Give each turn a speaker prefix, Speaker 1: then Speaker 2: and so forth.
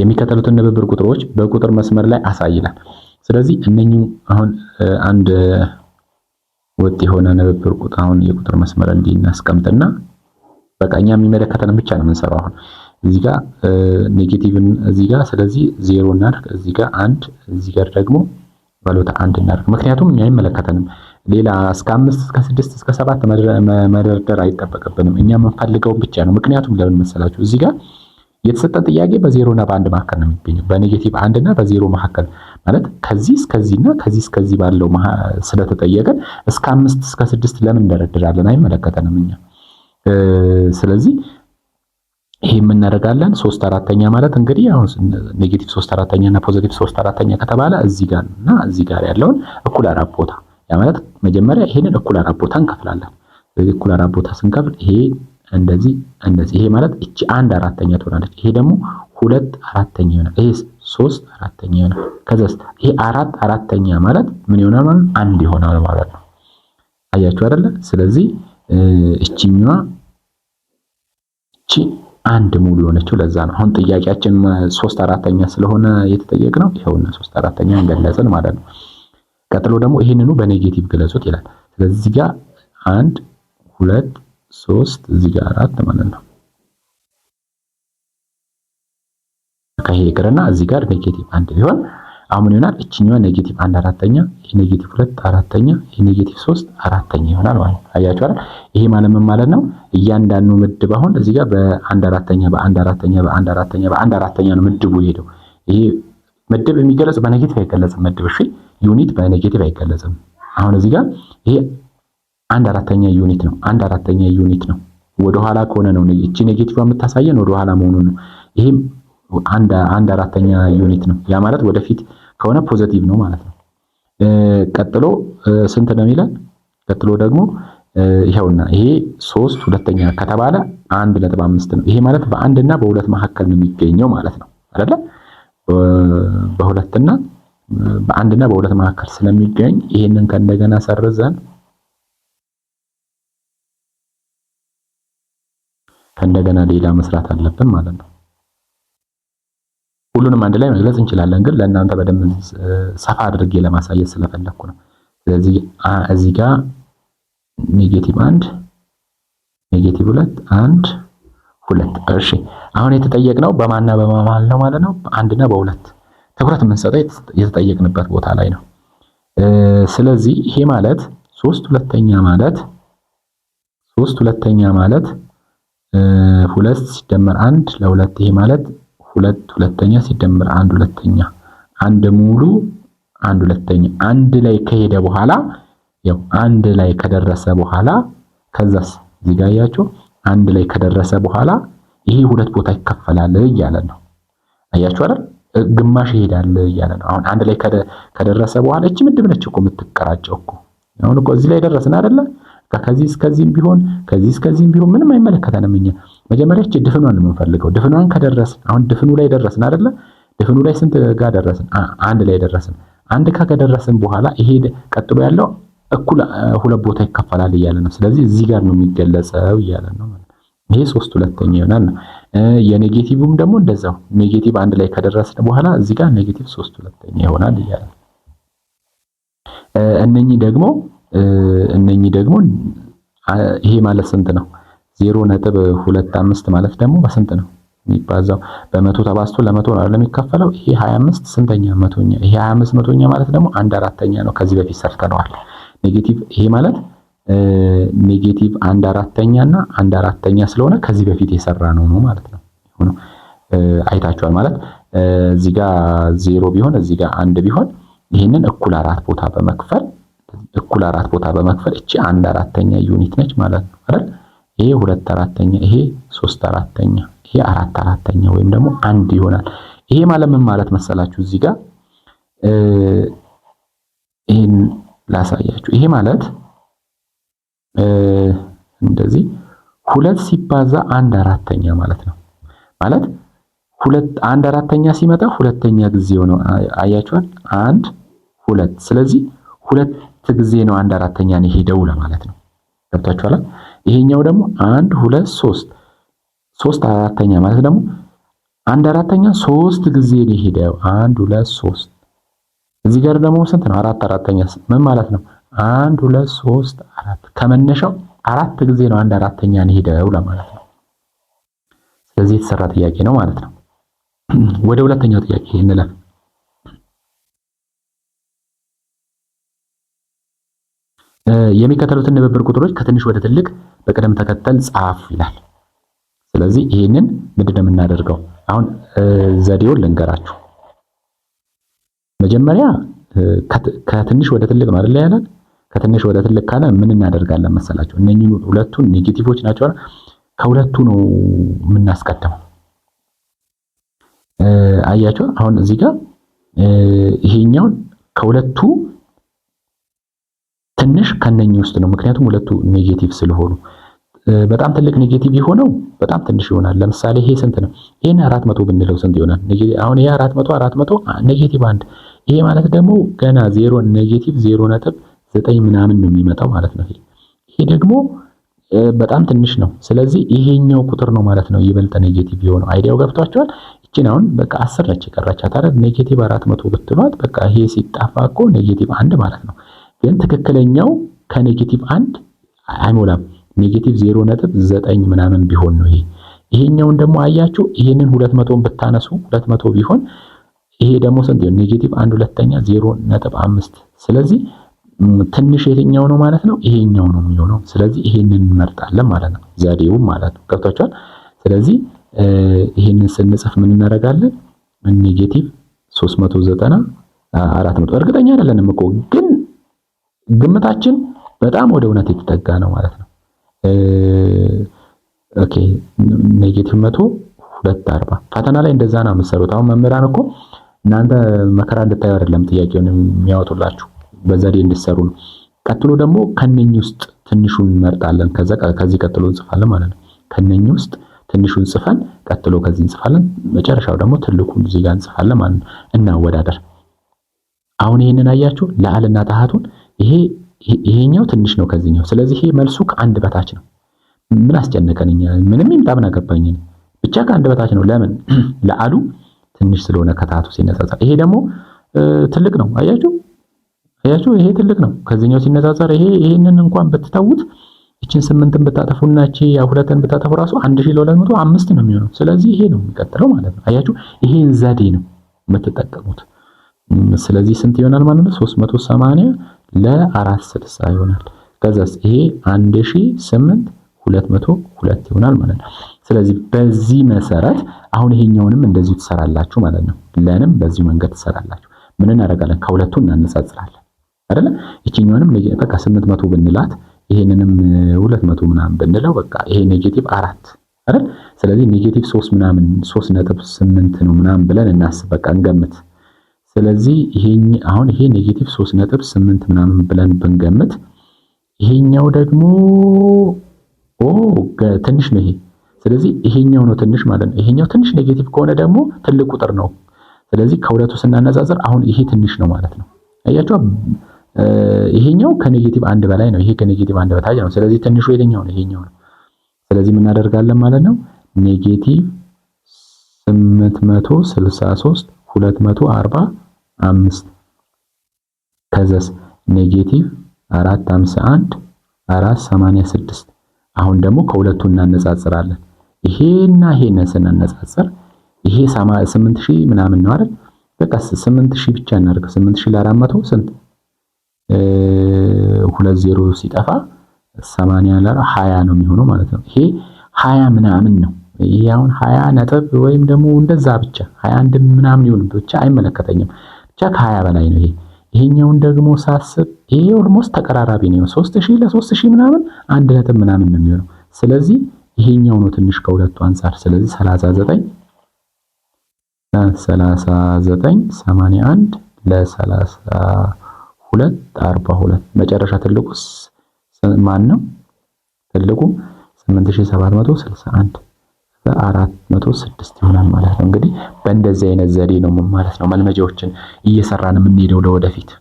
Speaker 1: የሚከተሉትን ንብብር ቁጥሮች በቁጥር መስመር ላይ አሳይናል። ስለዚህ እነኚህ አሁን አንድ ወጥ የሆነ ንብብር ቁጥር አሁን የቁጥር መስመር እንዲናስቀምጥና እናስቀምጥና በቃ እኛ የሚመለከተን ብቻ ነው የምንሰራው። አሁን እዚህ ጋር ኔጌቲቭን እዚህ ጋር ስለዚህ ዜሮ እናድርግ፣ እዚህ ጋር አንድ፣ እዚህ ጋር ደግሞ ባለታ አንድ እናድርግ። ምክንያቱም እኛ አይመለከተንም። ሌላ እስከ አምስት እስከ ስድስት እስከ ሰባት መደርደር አይጠበቅብንም። እኛ የምንፈልገውን ብቻ ነው። ምክንያቱም ለምን መሰላችሁ እዚህ ጋር የተሰጠን ጥያቄ በዜሮ እና በአንድ መካከል ነው የሚገኘው። በኔጌቲቭ አንድ እና በዜሮ መካከል ማለት ከዚህ እስከዚህና ከዚህ እስከዚህ ባለው ስለተጠየቀን እስከ አምስት እስከ ስድስት ለምን እንደረድራለን? አይመለከተንም እኛ። ስለዚህ ይህም የምናደርጋለን ሶስት አራተኛ ማለት እንግዲህ አሁን ኔጌቲቭ ሶስት አራተኛ እና ፖዘቲቭ ሶስት አራተኛ ከተባለ እዚህ ጋር እና እዚህ ጋር ያለውን እኩል አራት ቦታ ያ ማለት መጀመሪያ ይሄንን እኩል አራት ቦታ እንከፍላለን። እኩል አራት ቦታ ስንከፍል ይሄ እንደዚህ እንደዚህ። ይሄ ማለት እቺ አንድ አራተኛ ትሆናለች። ይሄ ደግሞ ሁለት አራተኛ ይሆናል። ይሄ ሶስት አራተኛ ይሆናል። ከዛስ ይሄ አራት አራተኛ ማለት ምን ይሆናል ማለት አንድ ይሆናል ማለት ነው። አያችሁ አይደለ? ስለዚህ እቺኛዋ እቺ አንድ ሙሉ የሆነችው ለዛ ነው። አሁን ጥያቄያችን ሶስት አራተኛ ስለሆነ የተጠየቅነው ይኸውና ሶስት አራተኛ እንገለጽን ማለት ነው። ቀጥሎ ደግሞ ይህንኑ በኔጌቲቭ ገለጹት ይላል። ስለዚህ ጋር አንድ ሁለት ሶስት እዚህ ጋር አራት ማለት ነው። ከሄ ይቅርና እዚህ ጋር ኔጌቲቭ አንድ ቢሆን አሁን ይሆናል። እችኛዋ ኔጌቲቭ አንድ አራተኛ፣ ይሄ ኔጌቲቭ ሁለት አራተኛ፣ ይሄ ኔጌቲቭ ሶስት አራተኛ ይሆናል ማለት ነው። አያችሁ አይደል? ይሄ ማለት ምን ማለት ነው? እያንዳንዱ ምድብ አሁን እዚህ ጋር በአንድ አራተኛ፣ በአንድ አራተኛ፣ በአንድ አራተኛ፣ በአንድ አራተኛ ነው ምድቡ የሄደው። ይሄ ምድብ የሚገለጽ በኔጌቲቭ አይገለጽም። ምድብ እሺ፣ ዩኒት በኔጌቲቭ አይገለጽም። አሁን እዚህ ጋር ይሄ አንድ አራተኛ ዩኒት ነው። አንድ አራተኛ ዩኒት ነው። ወደኋላ ከሆነ ነው እቺ ኔጌቲቭ የምታሳየን ወደኋላ መሆኑን ነው። ይህም አንድ አራተኛ ዩኒት ነው። ያ ማለት ወደፊት ከሆነ ፖዘቲቭ ነው ማለት ነው። ቀጥሎ ስንት ነው የሚለን? ቀጥሎ ደግሞ ይኸውና ይሄ ሶስት ሁለተኛ ከተባለ አንድ ነጥብ አምስት ነው። ይሄ ማለት በአንድና በሁለት መካከል ነው የሚገኘው ማለት ነው አይደለ? በሁለትና በአንድና በሁለት መካከል ስለሚገኝ ይሄንን ከእንደገና ሰርዘን ከእንደገና ሌላ መስራት አለብን ማለት ነው። ሁሉንም አንድ ላይ መግለጽ እንችላለን፣ ግን ለእናንተ በደንብ ሰፋ አድርጌ ለማሳየት ስለፈለኩ ነው። ስለዚህ እዚህ ጋር ኔጌቲቭ አንድ ኔጌቲቭ ሁለት አንድ ሁለት። እሺ አሁን የተጠየቅነው በማና በማማል ነው ማለት ነው። በአንድና በሁለት ትኩረት የምንሰጠው የተጠየቅንበት ቦታ ላይ ነው። ስለዚህ ይሄ ማለት ሶስት ሁለተኛ ማለት ሶስት ሁለተኛ ማለት ሁለት ሲደመር አንድ ለሁለት ይሄ ማለት ሁለት ሁለተኛ ሲደመር አንድ ሁለተኛ አንድ ሙሉ አንድ ሁለተኛ አንድ ላይ ከሄደ በኋላ ያው አንድ ላይ ከደረሰ በኋላ ከዛስ እዚህ ጋር አንድ ላይ ከደረሰ በኋላ ይሄ ሁለት ቦታ ይከፈላል እያለ ነው። አያችሁ አይደል? ግማሽ ይሄዳል እያለ ነው። አሁን አንድ ላይ ከደረሰ በኋላ እቺ ምድብ ነች እኮ የምትቀራጨው እኮ። አሁን እኮ እዚህ ላይ ደረስን አይደለ? ከዚህ እስከዚህም ቢሆን ከዚህ እስከዚህም ቢሆን ምንም አይመለከተንም። እኛ መጀመሪያች ድፍኗን የምንፈልገው። ድፍኗን ከደረስን አሁን ድፍኑ ላይ ደረስን አይደለ? ድፍኑ ላይ ስንት ጋር ደረስን? አንድ ላይ ደረስን። አንድ ከደረስን በኋላ ይሄ ቀጥሎ ያለው እኩል ሁለት ቦታ ይከፈላል እያለ ነው። ስለዚህ እዚህ ጋር ነው የሚገለጸው እያለ ነው። ይሄ ሶስት ሁለተኛ ይሆናል። የኔጌቲቭም ደግሞ እንደዛው ኔጌቲቭ አንድ ላይ ከደረስን በኋላ እዚህ ጋር ኔጌቲቭ ሶስት ሁለተኛ ይሆናል እያለ እነኚህ ደግሞ እነኚህ ደግሞ ይሄ ማለት ስንት ነው? ዜሮ ነጥብ ሁለት አምስት ማለት ደግሞ በስንት ነው የሚባዛው? በመቶ ተባዝቶ ለመቶ ነው አይደል የሚከፈለው? ይሄ 25 ስንተኛ መቶኛ። ይሄ 25 መቶኛ ማለት ደግሞ አንድ አራተኛ ነው። ከዚህ በፊት ሰርተነዋል። ኔጌቲቭ ይሄ ማለት ኔጌቲቭ አንድ አራተኛ እና አንድ አራተኛ ስለሆነ ከዚህ በፊት የሰራ ነው ነው ማለት ነው። አይታችኋል ማለት እዚህ ጋር ዜሮ ቢሆን እዚህ ጋር አንድ ቢሆን ይህንን እኩል አራት ቦታ በመክፈል እኩል አራት ቦታ በመክፈል እቺ አንድ አራተኛ ዩኒት ነች ማለት ነው አይደል? ይሄ ሁለት አራተኛ፣ ይሄ ሶስት አራተኛ፣ ይሄ አራት አራተኛ ወይም ደግሞ አንድ ይሆናል። ይሄ ማለት ምን ማለት መሰላችሁ? እዚህ ጋር ይሄን ላሳያችሁ። ይሄ ማለት እንደዚህ ሁለት ሲባዛ አንድ አራተኛ ማለት ነው። ማለት ሁለት አንድ አራተኛ ሲመጣ ሁለተኛ ጊዜ ነው። አያችኋል? አንድ ሁለት። ስለዚህ ሁለት ጊዜ ነው አንድ አራተኛ ነው የሄደው ለማለት ነው። ገብቷችኋል? ይሄኛው ደግሞ አንድ ሁለት ሶስት ሶስት አራተኛ ማለት ደግሞ አንድ አራተኛ ሶስት ጊዜ ነው የሄደው። አንድ ሁለት ሶስት። እዚህ ጋር ደግሞ ስንት ነው? አራት አራተኛ ምን ማለት ነው? አንድ ሁለት ሶስት አራት። ከመነሻው አራት ጊዜ ነው አንድ አራተኛ ነው የሄደው ለማለት ነው። ስለዚህ የተሰራ ጥያቄ ነው ማለት ነው። ወደ ሁለተኛው ጥያቄ እንለፍ። የሚከተሉትን ንብብር ቁጥሮች ከትንሽ ወደ ትልቅ በቅደም ተከተል ጻፍ ይላል። ስለዚህ ይህንን ምንድን ነው የምናደርገው? አሁን ዘዴውን ልንገራችሁ። መጀመሪያ ከትንሽ ወደ ትልቅ ነው አይደል ያለን። ከትንሽ ወደ ትልቅ ካለ ምን እናደርጋለን መሰላችሁ? እነኚህ ሁለቱ ኔጌቲቮች ናቸው። ከሁለቱ ነው የምናስቀድመው። አያችሁ አሁን እዚህ ጋር ይሄኛውን ከሁለቱ ትንሽ ከነኚህ ውስጥ ነው። ምክንያቱም ሁለቱ ኔጌቲቭ ስለሆኑ በጣም ትልቅ ኔጌቲቭ የሆነው በጣም ትንሽ ይሆናል። ለምሳሌ ይሄ ስንት ነው? ይሄን አራት መቶ ብንለው ስንት ይሆናል? አሁን ይሄ አራት መቶ አራት መቶ ኔጌቲቭ አንድ። ይሄ ማለት ደግሞ ገና ዜሮ ኔጌቲቭ ዜሮ ነጥብ ዘጠኝ ምናምን ነው የሚመጣው ማለት ነው። ይሄ ደግሞ በጣም ትንሽ ነው። ስለዚህ ይሄኛው ቁጥር ነው ማለት ነው ይበልጥ ኔጌቲቭ የሆነው። አይዲያው ገብቷቸዋል። እቺን አሁን በቃ አስር ነች የቀራቻት አይደል? ኔጌቲቭ አራት መቶ ብትሏት በቃ ይሄ ሲጣፋ እኮ ኔጌቲቭ አንድ ማለት ነው። ግን ትክክለኛው ከኔጌቲቭ አንድ አይሞላም። ኔጌቲቭ ዜሮ ነጥብ ዘጠኝ ምናምን ቢሆን ነው ይሄ። ይሄኛውን ደግሞ አያችሁ፣ ይሄንን ሁለት መቶን ብታነሱ ሁለት መቶ ቢሆን ይሄ ደግሞ ስንት ነው? ኔጌቲቭ አንድ ሁለተኛ ዜሮ ነጥብ አምስት ስለዚህ ትንሽ የትኛው ነው ማለት ነው? ይሄኛው ነው የሚሆነው። ስለዚህ ይሄንን እንመርጣለን ማለት ነው፣ ዘዴውም ማለት ነው። ገብቷችኋል? ስለዚህ ይሄንን ስንጽፍ ምን እናደርጋለን? ኔጌቲቭ 390 400 እርግጠኛ አይደለንም እኮ ግን ግምታችን በጣም ወደ እውነት የተጠጋ ነው ማለት ነው። ኦኬ ኔጌቲቭ መቶ ሁለት አርባ ፈተና ላይ እንደዛ ነው የምትሰሩት። አሁን መምህራን እኮ እናንተ መከራ እንድታዩ አይደለም ጥያቄውን የሚያወጡላችሁ በዘዴ እንድሰሩ ነው። ቀጥሎ ደግሞ ከነኝ ውስጥ ትንሹን እንመርጣለን። ከዚህ ቀጥሎ እንጽፋለን ማለት ነው። ከነኝ ውስጥ ትንሹን ጽፈን ቀጥሎ ከዚህ እንጽፋለን። መጨረሻው ደግሞ ትልቁን እዚህ ጋር እንጽፋለን ማለት ነው። እናወዳደር። አሁን ይሄንን አያችሁ ለአልና ታሃቱን ይሄ ይሄኛው ትንሽ ነው ከዚህኛው። ስለዚህ ይሄ መልሱ ከአንድ በታች ነው። ምን አስጨነቀን እኛ? ምንም ይምጣ ምን አገባኝ። ብቻ ከአንድ በታች ነው። ለምን ለአሉ ትንሽ ስለሆነ ከታቱ ሲነጻጸር፣ ይሄ ደግሞ ትልቅ ነው። አያችሁ አያችሁ፣ ይሄ ትልቅ ነው ከዚህኛው ሲነጻጸር። ይሄ ይሄንን እንኳን ብትተውት እቺን ስምንትን ብታጠፉና እቺ ያ ሁለትን ብታጠፉ ራሱ አንድ ሺህ ለሁለት መቶ አምስት ነው የሚሆነው። ስለዚህ ይሄ ነው የሚቀጥለው ማለት ነው። አያችሁ ይሄን ዘዴ ነው የምትጠቀሙት። ስለዚህ ስንት ይሆናል ማለት ነው? 380 መቶ ለአራት ስልሳ ይሆናል። ከዛስ ይሄ አንድ ሺ ስምንት ሁለት መቶ ሁለት ይሆናል ማለት ነው። ስለዚህ በዚህ መሰረት አሁን ይሄኛውንም እንደዚሁ ትሰራላችሁ ማለት ነው። ለንም በዚሁ መንገድ ትሰራላችሁ። ምን እናደርጋለን? ከሁለቱ እናነጻጽራለን አይደለ? ይችኛውንም በቃ ስምንት መቶ ብንላት ይሄንንም ሁለት መቶ ምናምን ብንለው በቃ ይሄ ኔጌቲቭ አራት አይደል? ስለዚህ ኔጌቲቭ ሶስት ምናምን ሶስት ነጥብ ስምንት ነው ምናምን ብለን እናስብ፣ በቃ እንገምት ስለዚህ ይሄ አሁን ይሄ ኔጌቲቭ 3.8 ምናምን ብለን ብንገምት ይሄኛው ደግሞ ኦ ትንሽ ነው ይሄ። ስለዚህ ይሄኛው ነው ትንሽ ማለት ነው። ይሄኛው ትንሽ ኔጌቲቭ ከሆነ ደግሞ ትልቅ ቁጥር ነው። ስለዚህ ከሁለቱ ስናነጻጽር አሁን ይሄ ትንሽ ነው ማለት ነው። አያችሁ፣ ይሄኛው ከኔጌቲቭ አንድ በላይ ነው፣ ይሄ ከኔጌቲቭ አንድ በታች ነው። ስለዚህ ትንሹ የትኛው ነው? ይሄኛው ነው። ስለዚህ ምን አደርጋለን ማለት ነው ኔጌቲቭ 863 240 አምስት ከዘስ ኔጌቲቭ አራት ሃምሳ አንድ አራት ሰማንያ ስድስት አሁን ደግሞ ከሁለቱ እናነጻጽራለን። ይሄና ይሄን ስናነጻጽር ይሄ 8000 ምናምን ነው አይደል? በቃ 8000 ብቻ እናድርግ። 8000 ለ400 ስንት? ሁለት ዜሮ ሲጠፋ 80 ለ 20 ነው የሚሆነው ማለት ነው። ይሄ 20 ምናምን ነው። ይሄ አሁን 20 ነጥብ ወይም ደግሞ እንደዛ ብቻ 21 ምናምን ይሁን ብቻ አይመለከተኝም። ብቻ ከሀያ በላይ ነው ይሄ። ይሄኛውን ደግሞ ሳስብ ይሄ ኦልሞስት ተቀራራቢ ነው። ሶስት ሺህ ለሶስት ሺህ ምናምን አንድ ነጥብ ምናምን ነው የሚሆነው። ስለዚህ ይሄኛው ነው ትንሽ ከሁለቱ አንጻር። ስለዚህ ሰላሳ ዘጠኝ ሰላሳ ዘጠኝ ሰማንያ አንድ ለሰላሳ ሁለት አርባ ሁለት መጨረሻ ትልቁስ ማን ነው? ትልቁ ስምንት ሺህ ሰባት መቶ ስልሳ አንድ አራት መቶ ስድስት ይሆናል ማለት ነው። እንግዲህ በእንደዚህ አይነት ዘዴ ነው ማለት ነው መልመጃዎችን እየሰራን የምንሄደው ለወደፊት